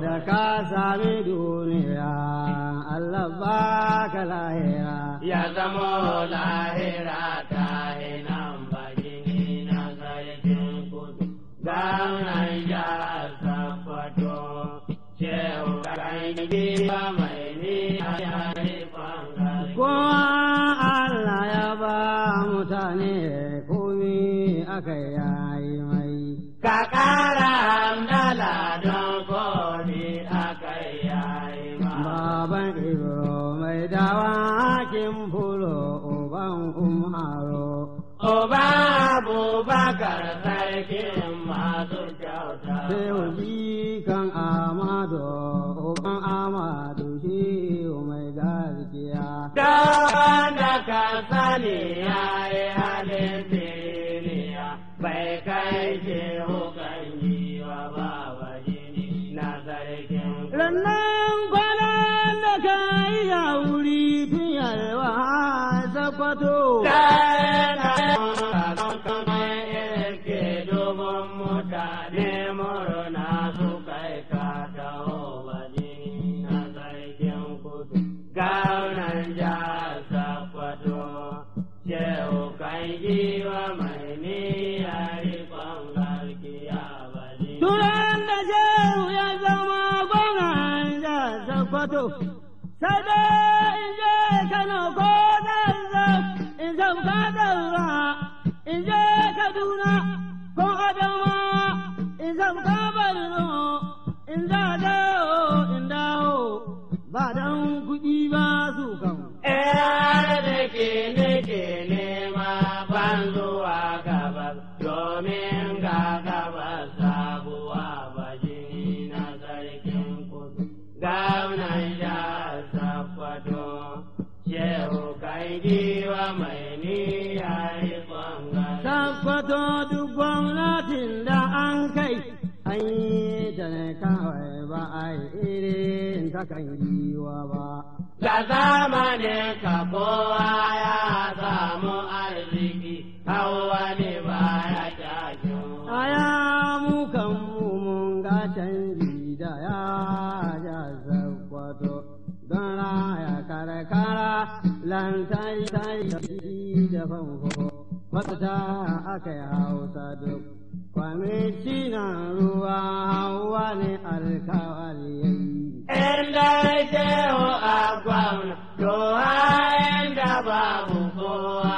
da ka sami duniya Allah ba ka lahira ya zama lahira ta hinan baki na sarkin kudu gaunan ya sabato cewa kan ba mai ni a harifan ko Allah ya ba mutane komi aka yayi mai ka kara Duba abubakar sarkin masu kyauta. Sai wani kan amado, kan amado shi mai gaskiya. Da wanda ka sani ya yi halittu. Kaduna ko Adama in zan kabarino in za dawo in dawo ba dan kuɗi ba su kan. Eh da ke ne ke nema. to duk gwamnatin da an kai an yi ta ne kawai ba a yi irin takan kan ba. Ga zamanin ka kowa ya samu arziki kawo ne ba ya kyashin. Aya mu mun ga canji da ya ja kwato, don raya karkara lantarki da fanfo. matsata aka yi hausa duk kwamishi na ruwa hauwa ne alkawari yayi. Inda ke ho a gwamna, to ha inda babu kowa.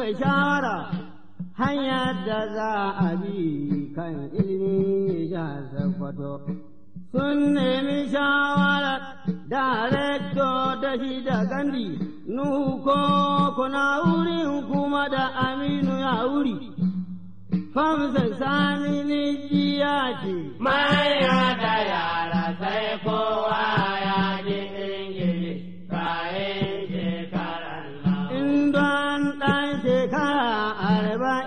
muka shawara, hanya da za a bi kan ilimi ya zafato Sun nemi shawara darekto da shi da gandi, Nuhu ko kuna wurin kuma da Aminu ya wuri. Famsa sani ni jiya ce, Maya da yara sai kowa bye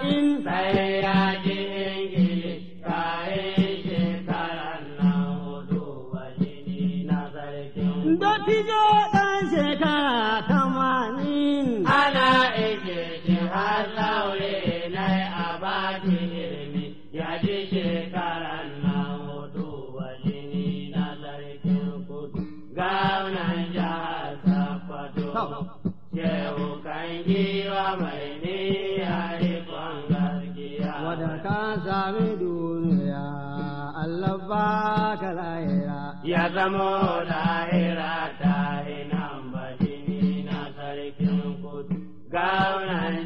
zamo lahira ta hinan na sarkin kudu gaunan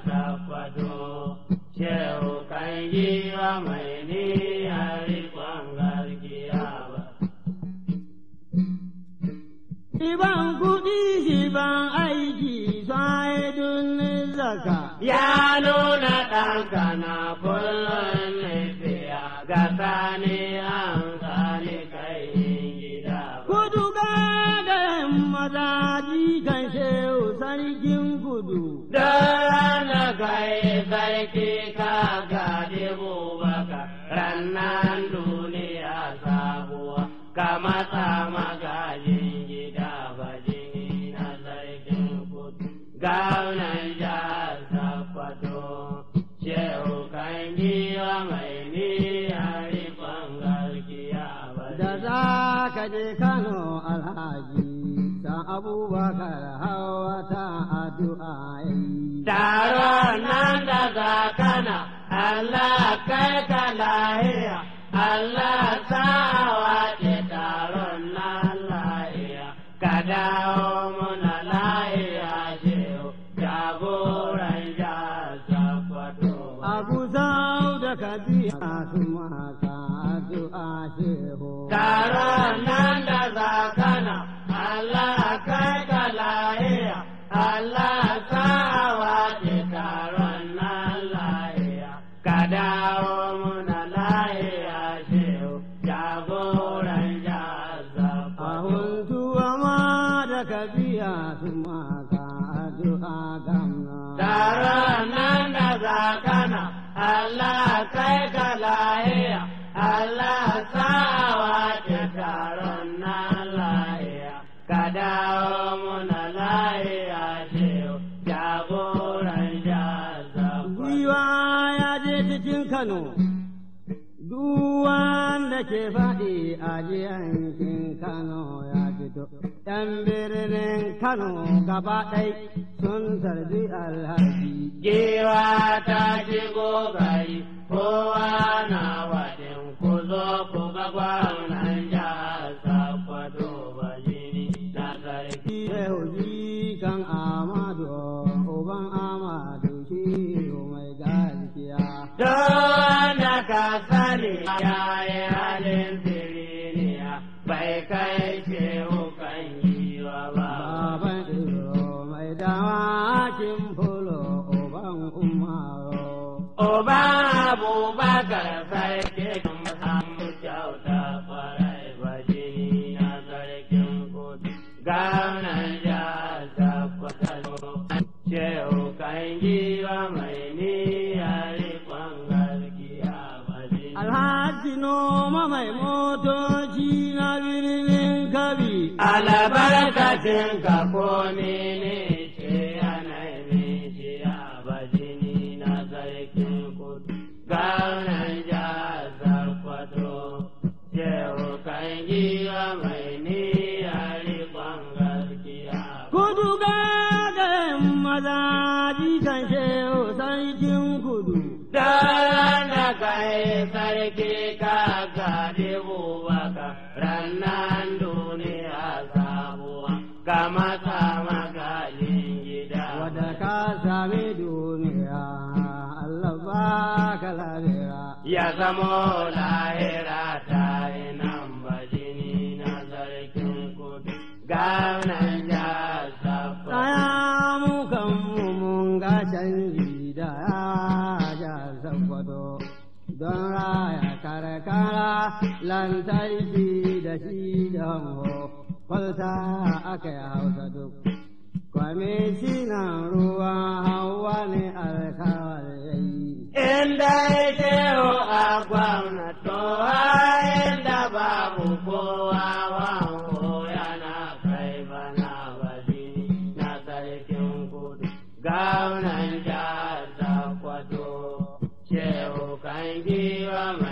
sakwato shehu kan yi wa mai niyyar rikon gargiya ba. Iban kuɗi iban aiki sa'idun zaka ya nuna ɗanka na kullum ne ga saniya sarki ka gadi bubaka rannan duniya sabuwa ka matsa magalin gida bajini na sarkin kudu gaunan jihar sakwato shehu kan giwa mai niyari bangar kiya da za ka je kano alhaji ta abubakar hawa ta addu'a Taron nan daga kana, Allah kai ka lahiya, Allah ta wace taron nan lahiya, ka dawo muna lahiya shehu, jagoran jasa kwato. Abu zau da kabiya su maka addu'a shehu. Taron nan Allah sawa ke taron nan lahiya, ka dawo muna lahiya shehu jagoran jaza. Ahun tuwa ma da kabiya su maka addu'a gamna. Taron nan da zakana, ala kai ka lahiya, Ala sawa ke na nan lahiya, ka dawo muna Kano, duk wanda ke faɗi a yankin Kano ya fito, ɗan birnin Kano gaba ɗai sun tarbi alhaji. Gewa ta ke gogari, kowa na waɗin ku zo ku ga gwamnan jihar. na kasali ya yi halin albarkacin ka ko mene ce yanayin shi a bajini na sarkin kudu gaunan jihar sarkwato shehu kan giya mai niyya riƙon gaskiya kudu gagan maza jikan shehu sarkin kudu da na kai sarki ka baka bubaka rannan samo lahira ta nan ba jini na zarkin gobe ganan ya safa daya mu kan mun ga canji da ya sabbato don raya karkara lantarki da shi da kwalta aka yi hausa duk na ruwan hawa ne alkara โอกายจีวะไม